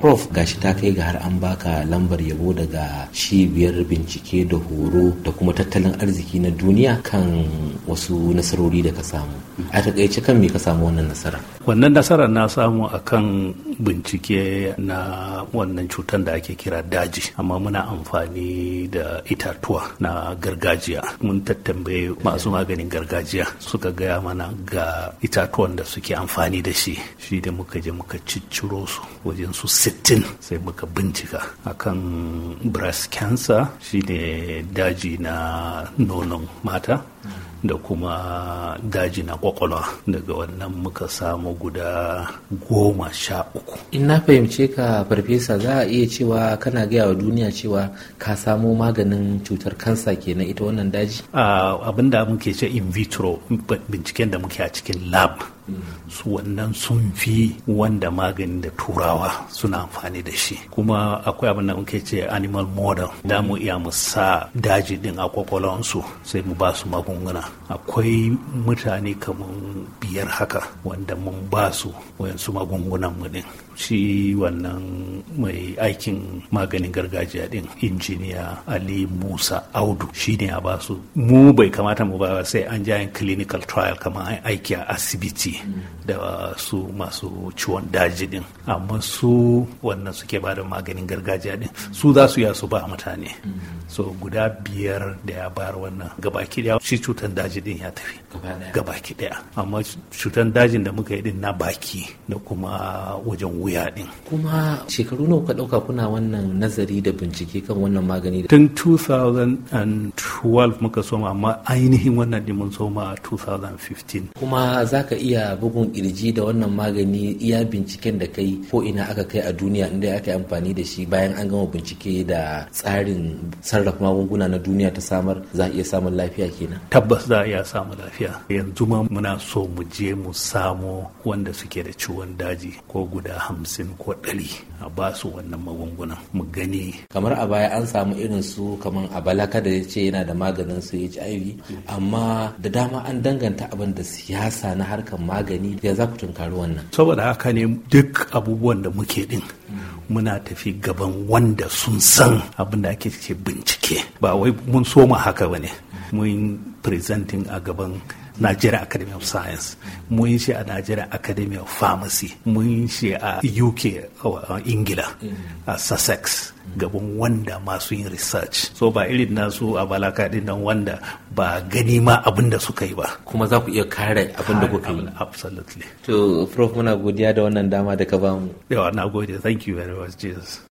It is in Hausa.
prof gashi ta kai ga har an baka lambar yabo daga cibiyar bincike da horo da kuma tattalin arziki na duniya kan wasu nasarori da ka samu a takaice kan me ka samu wannan nasara wannan nasara na samu akan bincike na wannan cutar da ake kira daji amma muna amfani da itatuwa na gargajiya mun tattambaye masu maganin gargajiya suka gaya mana ga itatuwan da suke amfani da shi shi da muka je muka cicciro su wajen su sittin sai muka bincika akan breast cancer shi ne daji na nonon mata da kuma daji na kwakwalwa daga wannan muka samu guda goma sha uku in na fahimce ka farfesa za a iya cewa kana gaya wa duniya cewa ka samo maganin cutar kansa kenan ita wannan daji ah, abinda muke ce in vitro binciken da muke a cikin lab su wannan sun fi wanda magani da turawa suna amfani da shi kuma akwai abin da muke ce animal model da mu iya mu sa daji din a kwakwalonsu sai mu ba su magunguna akwai mutane kamar biyar haka wanda mun ba su wayansu magungunan mu din shi wannan mai aikin maganin gargajiya din injiniya ali musa audu shi ne a ba su mu bai kamata mu ba sai an jayin clinical trial kamar aiki a asibiti da su masu ciwon daji din amma su wannan suke ba da maganin gargajiya din su za su yasu ba mutane so guda biyar da ya bayar wannan gabaki daya shi cutan daji din ya tafi gabaki daya amma cutan dajin da muka yi din na baki da kuma wajen wuya din kuma shekaru nawa ka dauka kuna wannan nazari da bincike kan wannan magani tun 2012 muka soma amma ainihin wannan din mun soma 2015 kuma zaka iya a bugun kirji da wannan magani iya binciken da kai ko ina aka kai a duniya inda aka yi amfani da shi bayan an gama bincike da tsarin sarrafa magunguna na duniya ta samar za a iya samun lafiya kenan tabbas za a iya samun lafiya yanzu ma muna so mu je mu samo wanda suke da ciwon daji ko guda hamsin ko ɗari a ba su wannan magunguna mu gani kamar a baya an samu irin su kamar a balaka da ya ce yana da maganin su hiv amma da dama an danganta abin da siyasa na harkar magani ya za ku tunkari wannan saboda haka ne duk abubuwan da muke din muna tafi gaban wanda sun san abin da ake ce bincike ba wai mun soma haka ba ne mun presenting a gaban Nigeria Academy of Science mun yi shi a Nigeria Academy of Pharmacy mun yi shi a UK uh, Ingila mm. a Sussex gaban wanda masu yin research so ba irin nasu a balaka din nan wanda ba gani ma abin da suka yi ba kuma za ku iya kare abin da kuka yi absolutely to prof muna godiya da wannan dama da ka bamu yawa na gode thank you very much jesus